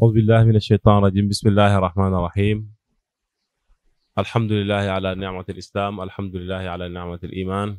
أعوذ بالله من الشيطان الرجيم بسم الله الرحمن الرحيم الحمد لله على نعمة الإسلام الحمد لله على نعمة الإيمان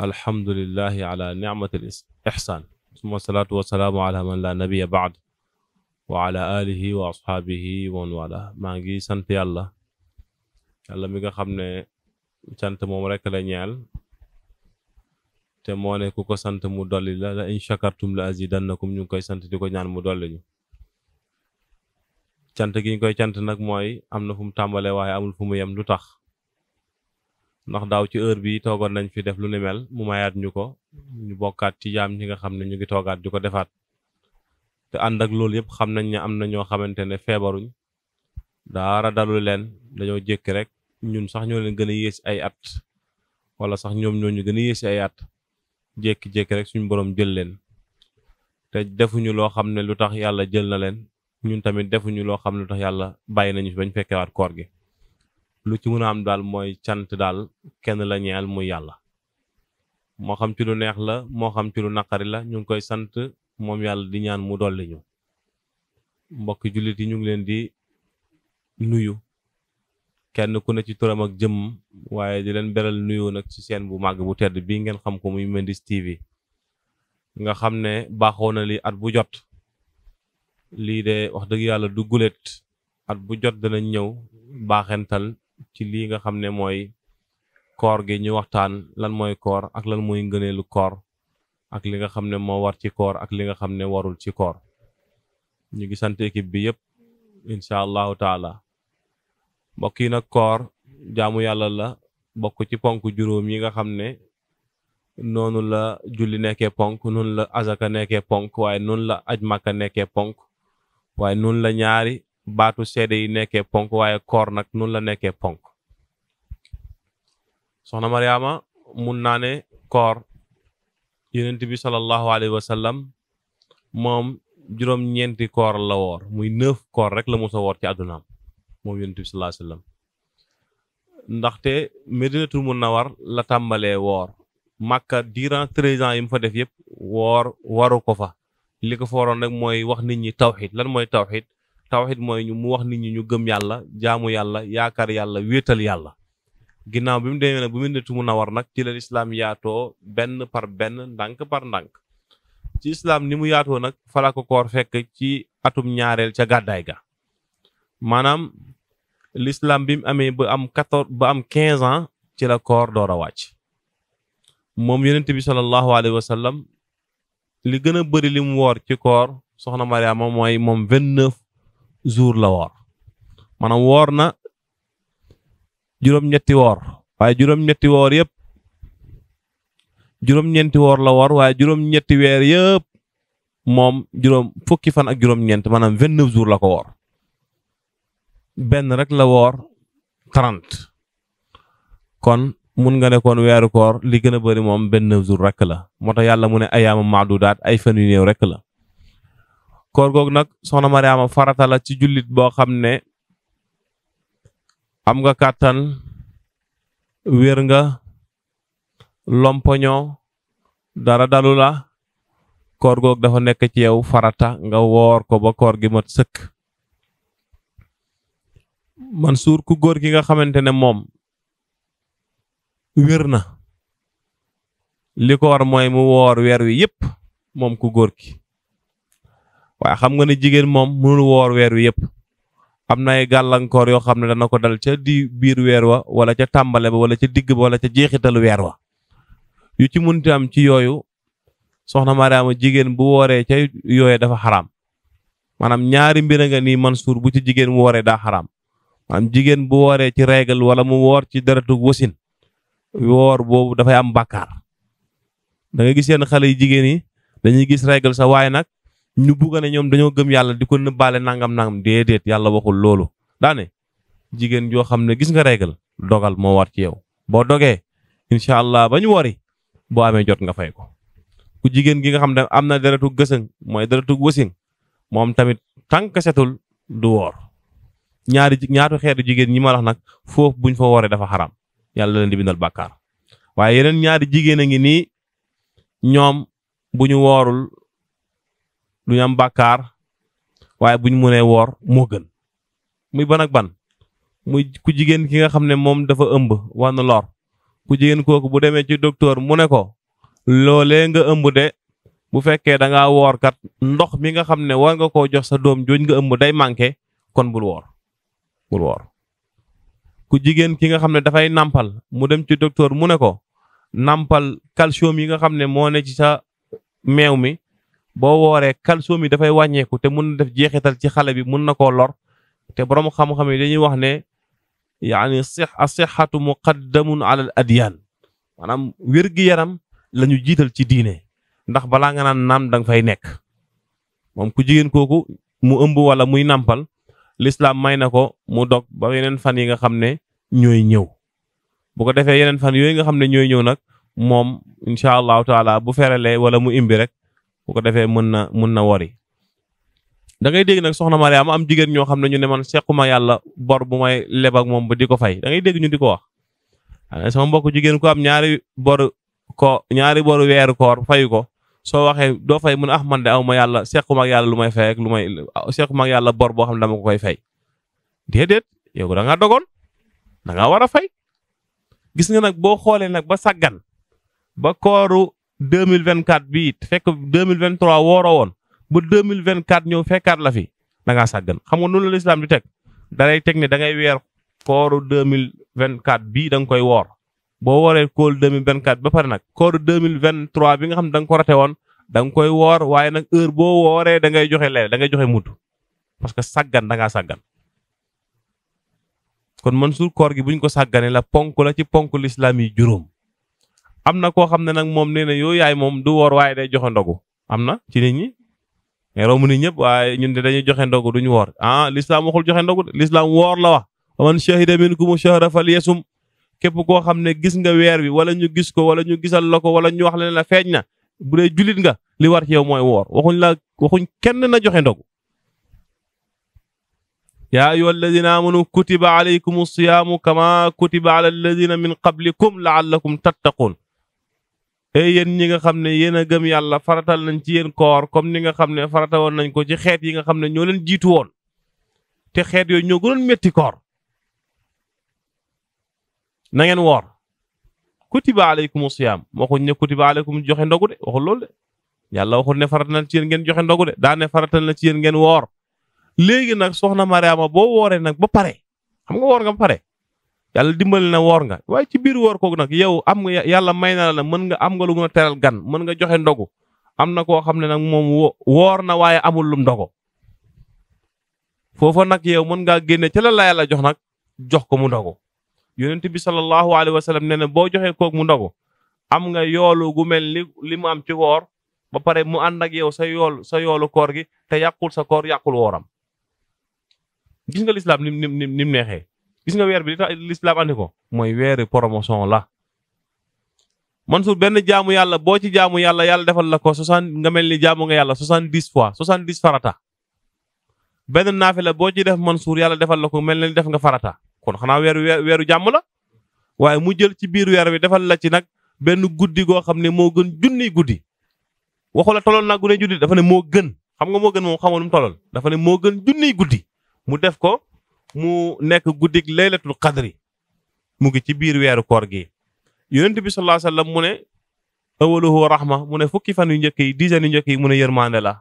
الحمد لله على نعمة الإحسان ثم الصلاة والسلام على من لا نبي بعد وعلى آله وأصحابه ومن والاه maa ngi sant yàlla yàlla mi nga xam ne sant moom rekk la ñeel te moo ne ku ko sant mu dolli la la in shakartum la azidannakum ñu ngi koy sant di ko ñaan mu dolli ñu cant gi ñu koy cant nag mooy am na fu mu tàmbalee waaye amul fu mu yem lu tax ndax daaw ci heure bi toogoon nañ fi def lu ni mel mu mayaat ñu ko ñu bokkaat ci jaam ñi nga xam ne ñu ngi toogaat di ko defaat te ànd ak loolu yëpp xam nañ ne am na ñoo xamante ne feebaruñ daara dalu leen dañoo jékki rek ñun sax ñoo leen gën a yées ay at wala sax ñoom ñoo ñu gën a yées jékki-jékki rek suñu boroom jël leen te defuñu loo xam ne lu tax yàlla jël na leen ñun tamit defuñu loo xam ne lu tax yàlla bàyyi nañu fi bañ fekkewaat koor gi lu ci mën a am daal mooy cant daal kenn la ñeel muy yàlla moo xam ci lu neex la moo xam ci lu naqari la ñu ngi koy sant moom yàlla di ñaan mu dolli ñu mbokk jullit yi ñu ngi leen di nuyu kenn ku ne ci turam ak jëm waaye di leen beral nuyoo nag ci seen bu màgg bu tedd bii ngeen xam ko muy Mindiss TV nga xam ne baaxoo na lii at bu jot lii de wax dëgg yàlla du guléet at bu jot danañ ñëw baaxental ci lii nga xam ne mooy koor gi ñu waxtaan lan mooy koor ak lan mooy ngëneelu koor ak li nga xam ne moo war ci koor ak li nga xam ne warul ci koor ñu ngi sant bi yépp incha allahu taala mbokk yi nag koor jaamu yàlla la bokk ci ponk juróom yi nga xam ne noonu la julli nekkee ponk noonu la azaka nekkee ponk waaye noonu la aj màkka nekkee ponk waaye noonu la ñaari baatu seede yi nekkee ponk waaye koor nag noonu la nekkee ponk soxna Mariama mun naa ne koor yonent bi sallallahu alayhi wa sallam moom juróom-ñeenti koor la woor muy neuf koor rek la musa woor ci àddunaam moom yonent bi sallallahu alayhi wa sallam ndaxte Medinatul Munawwar la tàmbalee woor Màkka durant treize ans yi mu fa def yëpp woor waru ko fa li ko fa waroon nag mooy wax nit ñi tawxid lan mooy tawxid tawxid mooy ñu mu wax nit ñi ñu gëm yàlla jaamu yàlla yaakaar yàlla wéetal yàlla ginnaaw bi mu demee nag bu Medinatul Munawwar nag ci la lislaam yaatoo benn par benn ndànk par ndànk ci islaam ni mu yaatoo nag fala ko koor fekk ci atum ñaareel ca gàddaay ga maanaam l'islam bi mu amee ba am quatorze ba am quinze ans ci la koor door a wàcc moom yonent bi sallallahu alayhi wa li gën a bëri li mu woor ci koor soxna Mariama mooy moom vingt neuf jours la woor maanaam woor na juróom-ñetti woor waaye juróom-ñetti woor yëpp juróom-ñeenti woor la woor waaye juróom-ñetti weer yëpp moom juróom fukki fan ak juróom-ñeent maanaam vingt neuf la ko woor benn rekk la woor trente kon mun nga nekkoon weeru koor li gën a bëri moom benn jour rek la moo tax yàlla mu ne ayaama maadudaat ay fan yu rekk la. koor goog nag soxna Mariama farata la ci jullit boo xam ne am nga kàttan wéer nga lompoño dara dalu la koor googu dafa nekk ci yow farata nga woor ko ba koor gi mat sëkk. Mansour ku góor ki nga xamante ne moom wér na li ko war mooy mu woor weer wi yépp moom ku góor ki waaye xam nga ne jigéen moom mënul woor weer wi yépp am na ay gàllankoor yoo xam ne dana ko dal ca di biir weer wa wala ca tàmbale ba wala ca digg ba wala ca jeexitalu weer wa yu ci munti am ci yooyu soxna Mariama jigéen bu wooree ca yooyee dafa xaraam maanaam ñaari mbir nga nii Mansour bu ci jigéen mu wooree daa xaraam am jigéen bu wooree ci règle wala mu woor ci deretu wasin woor boobu dafay am bàkkaar danga gis yenn xale yu jigéen yi dañuy gis règle sa waaye nag ñu bugg ne ñoom dañoo gëm yàlla di ko nëbbaale nangam nangam déedéet yàlla waxul loolu daane jigéen joo xam ne gis nga règle dogal moo war ci yow boo dogee incha allah ba ñu wari boo amee jot nga fay ko ku jigéen gi nga xam am na deretu gësëng mooy deretu wësing moom tamit tànk setul du woor ñaari ñaatu xeetu jigéen ñi ma nag foofu buñ fa waree dafa xaram yàlla leen di bindal bàkkaar waaye yeneen ñaari jigéen a ngi nii ñoom bu ñu woorul duñu am bàkkaar waaye buñ mënee woor moo gën muy ban ban muy ku jigéen ki nga xam ne moom dafa ëmb war na lor ku jigéen kooku bu demee ci docteur mu ne ko loolee nga ëmb de bu fekkee da ngaa woor kat ndox mi nga xam ne war nga koo jox sa doom jooñ nga ëmb day manqué kon bul woor bul woor ku jigéen ki nga xam ne dafay nàmpal mu dem ci docteur mu ne ko nàmpal calcium yi nga xam ne moo ne ci sa meew mi boo wooree calcium yi dafay wàññeeku te mën na def jeexital ci xale bi mën na koo lor te borom xam-xam yi dañuy wax ne yaani six asixatu muqaddamun ala al adyan maanaam wér-gi-yaram lañu jiital ci diine ndax balaa nga naan naam danga fay nekk moom ku jigéen kooku mu ëmb wala muy nàmpal lislaam may na ko mu dog ba yeneen fan yi nga xam ne ñooy ñëw bu ko defee yeneen fan yooyu nga xam ne ñooy ñëw nag moom incha allahu taala bu ferelee wala mu imbi rek bu ko defee mën na mën na wori da ngay dégg nag soxna Mariama am jigéen ñoo xam ne ñu ne man sequma yàlla bor bu may leb ak moom ba di ko fay da ngay dégg ñu di ko wax. sama mbokk jigéen ko am ñaari bor ko ñaari boru weeru koor fayu ko soo waxee doo fay mun ah man de aw ma yàlla sequma ak yàlla lu may fay ak lu may sequma ak yàlla bor boo xam ne dama ko koy fay déedéet yow da ngaa dogoon da ngaa war a fay. gis nga nag boo xoolee nag ba sàggan ba kooru deux mille vingt quatre bii fekk deux mille vingt trois woon ba deux mille vingt quatre ñëw fekkaat la fi danga ngaa xam nga noonu la lislaam di teg da lay teg ne da ngay weer kooru deux mille vingt quatre bii danga koy woor. boo waree kóol 2024 ba pare nag kóoru 2023 bi nga xam ne da nga ko rate woon da koy woor waaye nag heure boo wooree dangay joxe leel da ngay joxe mudd parce que sàggan da sàggan kon Mansour koor gi bu ñu ko sàgganee la ponk la ci ponk lislaam yi juróom am na koo xam ne nag moom nee na yoo yaay moom du woor waaye day joxe ndogu am na ci nit ñi romb nit ñëpp waaye ñun de dañuy joxe ndogu duñu woor ah lislaam waxul joxe ndogu lislaam woor la képp koo xam ne gis nga weer wi wala ñu gis ko wala ñu gisal la ko wala ñu wax la la feeñ na bu dee jullit nga li war ci yow mooy woor waxuñ la waxuñ kenn na joxe ndogu yaa ayyuha alladina amanu kutiba alaykum siyaamu kama kutiba ala alladina min qablikum laallakum tattaqun ey yéen ñi nga xam ne yéen a gëm yàlla faratal nañ ci yéen koor comme ni nga xam ne farata woon nañ ko ci xeet yi nga xam ne ñoo leen jiitu woon te xeet yooyu ñoo gënoon metti koor nangeen ngeen woor kutiba aleykum siyaam waxuñ ne kutiba aleykum joxe ndogu de waxul loolu de yàlla waxul ne farata na ci yéen ngeen joxe ndogu de daa ne farata ci yéen ngeen woor léegi nag soxna Mariama boo wooree nag ba pare xam nga woor nga ba pare yàlla dimbali na woor nga waaye ci biir woor kooku nag yow am nga yàlla may na la mën nga am nga lu mën a teral gan mën nga joxe ndogu am na koo xam ne nag moom woor na waaye amul lum ndogo foofa nag yow mën ngaa génne ca la la jox nag jox ko mu ndogu yonent bi sallallahu alayhi wa sallam nee na boo joxee kook mu ndogu am nga yoolu gu mel ni li mu am ci woor ba pare mu ànd ak yow sa yool sa yoolu koor gi te yàqul sa koor yàqul wooram gis nga lislaam nim nim nim nim neexee gis nga weer bi li tax lislaam andi ko mooy weeri promotion la Mansour benn jaamu yàlla boo ci jaamu yàlla yàlla defal la ko soixante nga mel ni jaamu nga yàlla soixante dix fois soixante dix farata benn la boo ci def Mansour yàlla defal la ko mel ni def nga farata kon xanaa weer wi weeru jàmm la waaye mu jël ci biir weer wi defal la ci nag benn guddi goo xam ne moo gën junni guddi waxu la toloon naa gune dafa ne moo gën xam moo gën moom xamoon mu toloon dafa ne moo gën junni guddi mu def ko mu nekk guddig laylatul xadri mu ngi ci biir weeru koor gi yonent bi sallallahu alayhi wasallam mu ne awaluhu rahma mu ne fukki fan yu njëkk yi dizaine yu njëkk yi mu ne yërmande la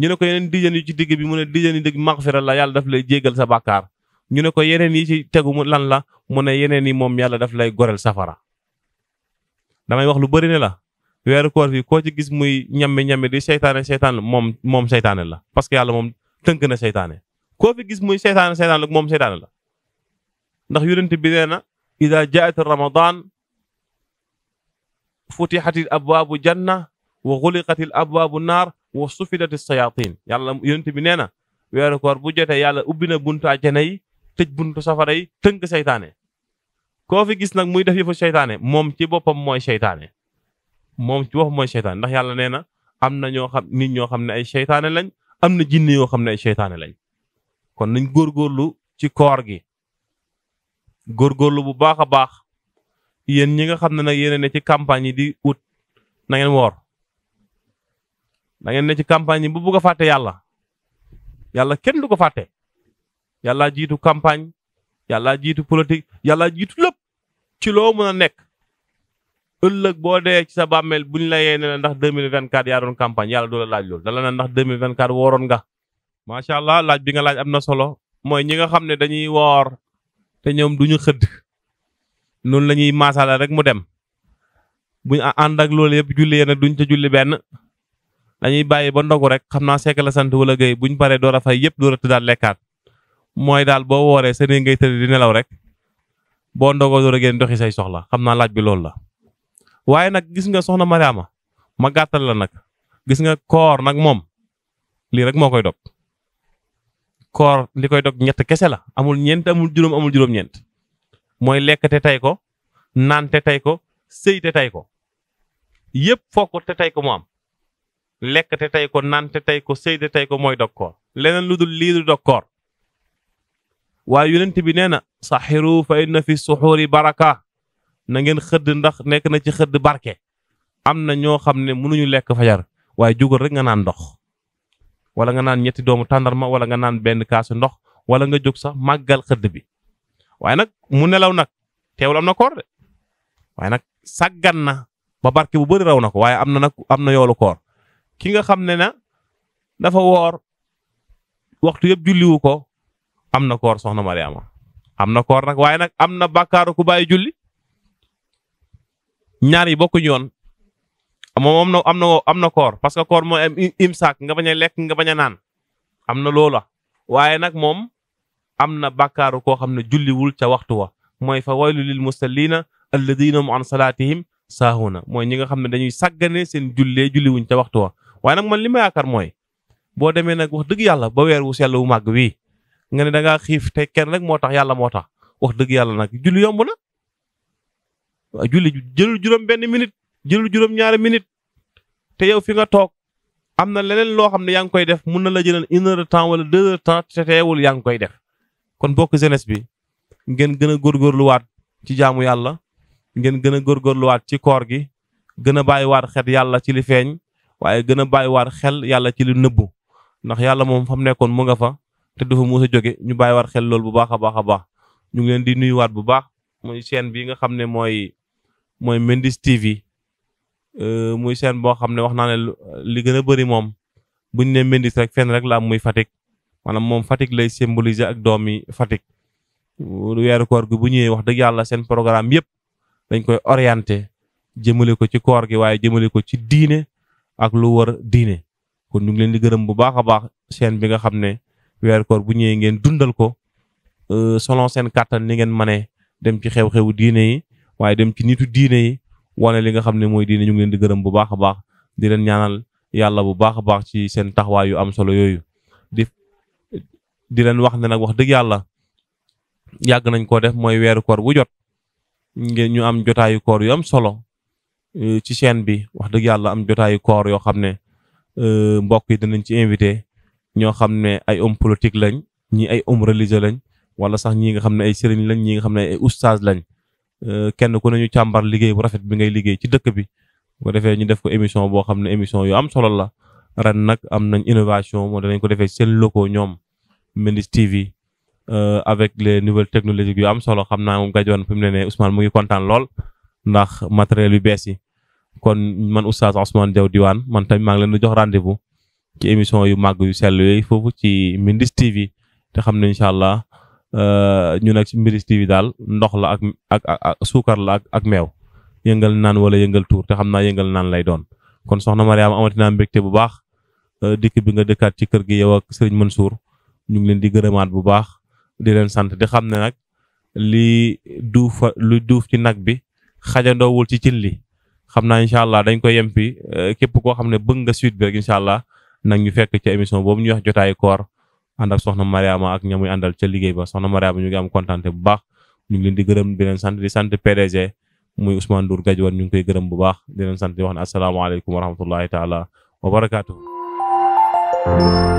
ñu ne ko yeneen dizaine yu ci digg bi mu ne dizaine yu digg magfira la yàlla daf lay jéggal sa bàkkaar ñu ne ko yeneen yi ci tegu lan la mu ne yeneen yi moom yàlla daf lay goreel safara damay wax lu bëri ne la weeru koor fii koo ci gis muy ñambi ñambi di seytaane seytaane moom moom seytaane la parce que yàlla moom tënk na seytaane koo fi gis muy seytaane seytaane la moom seytaane la ndax yonent bi nee na ida jaat ramadan futixati abwaabu janna wa xuliqati abwaabu naar wa sufidati sayatin yàlla yonent bi nee na weeru koor bu jotee yàlla ubbi na buntu àjjana tëj buntu safara yi tënk seytaane koo fi gis nag muy def yëfu seytaane moom ci boppam mooy seytaane moom ci boppam mooy seytaane ndax yàlla nee na am na ñoo xam nit ñoo xam ne ay seytaane lañ am na jinne yoo xam ne ay seytaane lañ kon nañ góor góorlu ci koor gi góor góorlu bu baax a baax yéen ñi nga xam ne nag yéen ci campagne yi di ut na ngeen woor da ne ci campagne yi bu bugg a fàtte yàlla yàlla kenn du ko fàtte yàllaa jiitu campagne yàllaa jiitu politique yàllaa jiitu lépp ci loo mën a nekk ëllëg boo dee ci sa bàmmeel buñ la yee ne la ndax 2024 yaa doon campagne yàlla doo la laaj loolu dala na ndax 2024 wooroon nga macha allah laaj bi nga laaj am na solo mooy ñi nga xam ne dañuy woor te ñoom duñu xëdd noonu la ñuy maasala rek mu dem buñ ànd ak loolu yëpp julli na duñ ca julli benn dañuy bàyyi ba ndogu rek xam naa sekk la sant wala géy buñ paree door a fay yëpp door a lekkaat mooy daal boo wooree sa ngay di nelaw rek boo ndogoo door a génn doxi say soxla xam naa laaj bi loolu la. waaye nag gis nga soxna Mariama ma gàttal la nag gis nga koor nag moom lii rek moo koy dog koor li koy dog ñett kese la amul ñeent amul juróom amul juróom-ñeent mooy lekk te tey ko naan te tey ko sëy te tey ko yépp fokk te tey ko mu am lekk te tey ko naan te tey ko sëy te tey ko mooy dog koor leneen lu dul lii du dog koor waaye yonent bi nee na saxiru fa inna fi suxuuri baraka na ngeen xëdd ndax nekk na ci xëdd barke am na ñoo xam ne mënuñu lekk fajar waaye jugal rek nga naan ndox wala nga naan ñetti doomu tàndarma wala nga naan benn kaasu ndox wala nga jóg sax màggal xëdd bi waaye nag mu nelaw nag teewul am na koor de waaye nag sàggan na ba barke bu bëri raw na ko waaye am na nag am na yoolu koor ki nga xam ne na dafa woor waxtu yëpp julliwu ko am na koor soxna Mariama am na koor nag waaye nag am na bàkkaaru ku bàyyi julli ñaar yi bokkuñu yoon moom am na am na koor parce que koor mooy am imsaak nga bañ a lekk nga bañ a naan am na loola waaye nag moom am na bàkkaaru koo xam ne julliwul ca waxtu wa mooy fa waylu lil musallina alladina hum an salaatihim saahuna mooy ñi nga xam ne dañuy sàggane seen jullee julliwuñ ca waxtu wa waaye nag man li ma yaakaar mooy boo demee nag wax dëgg yàlla ba weer wu sell wu màgg wi nga ne da xiif te kenn rek moo tax yàlla moo tax wax dëgg yàlla nag julli yomb na waaw julli jëlul juróom benn minute jëlul juróom ñaari minute te yow fi nga toog am na leneen loo xam ne yaa ngi koy def mun na la jëlal une heure temps wala deux de temps te teewul yaa ngi koy def kon bokk jeunesse bi ngeen gën a góorgóorluwaat ci jaamu yàlla ngeen gën a góorgóorluwaat ci koor gi gën a bàyyiwaat xel yàlla ci li feeñ waaye gën a bàyyiwaat xel yàlla ci li nëbbu ndax yàlla moom nekkoon mu nga fa te dafa mos a jóge ñu war xel loolu bu baax a baax a baax ñu ngi leen di nuyuwaat bu baax muy chaîne bii nga xam ne mooy mooy Mindiss TV euh, muy seen boo xam ne wax naa ne li gën a bëri moom bu ñu nee Mindiss rek fenn rek la muy Fatick maanaam moom Fatick lay symboliser ak doomi Fatick. weeru koor gi bu ñëwee wax dëgg yàlla seen programme yëpp dañ koy orienté jëmale ko ci koor gi waaye jëmale ko ci diine ak lu war diine kon ñu ngi leen di gërëm bu baax a baax chaîne bi nga xam ne. weeru koor bu ñëwee ngeen dundal ko euh, selon seen kàttan ni ngeen mane dem ci xew xew diine yi waaye dem ci nitu diine yi wane li nga xam ne mooy diine ñu ngi leen di gërëm bu baax a baax di leen ñaanal yàlla bu baax a baax ci seen taxawaay yu am solo yooyu di leen wax ne nag wax dëgg yàlla yàgg nañ ko def mooy weeru koor bu jot ngeen ñu am jotaayu koor yu am solo euh, ci chaîne bi wax dëgg yàlla am jotaayu koor yoo xam ne euh, mbokk yi dinañ ci invité ñoo xam ne ay homme politique lañ ñi ay homme religieux lañ wala sax ñi nga xam ne ay sëriñ lañ ñi nga xam ne ay oustaz lañ euh, kenn ku nañu ñu liggéey bu rafet bi ngay liggéey ci dëkk bi bu ko defee ñu def ko émission boo xam ne émission yo am solo la ren nag am nañ innovation moo nañ ko defee seen locaux ñoom Mindiss TV euh, avec les nouvelles technologies yu am solo xam naa moom gajoon fi mu ne ne Ousmane mu ngi kontaan lool ndax matériel yu bees yi kon man oustaz Ousmane Diaw diwaan man tamit maa ngi leen jox rendez-vous ci émission yu màgg yu sell yooyu foofu ci Mindiss TV te xam ne incha allah euh, ñu nag ci Mindiss TV daal ndox la ak ak suukar la ak ak meew yëngal naan wala yëngal tuur te xam naa yëngal naan lay doon. kon soxna Mariama amati naa mbégte bu baax euh, dikk bi nga dëkkaat ci kër gi yow ak sëriñ suur ñu ngi leen di gërëmaat bu baax di leen sant di xam ne nag li duuf lu duuf ci nag bi xajandoowul ci cin li xam naa incha allah dañ koy yem fi euh, képp koo xam ne bëgg nga suite bi allah. nag ñu fekk ci émission boobu ñuy wax jotaayu koor ànd ak soxna Mariama ak ña muy àndal ca liggéey ba soxna Mariama ñu ngi am kontaan bu baax ñu ngi leen di gërëm di sant di sant PDG muy Ousmane Ndour Gadiwar ñu ngi koy gërëm bu baax di leen sant di wax ne asalaamaaleykum wa rahmatullahi taala wa barakaatu.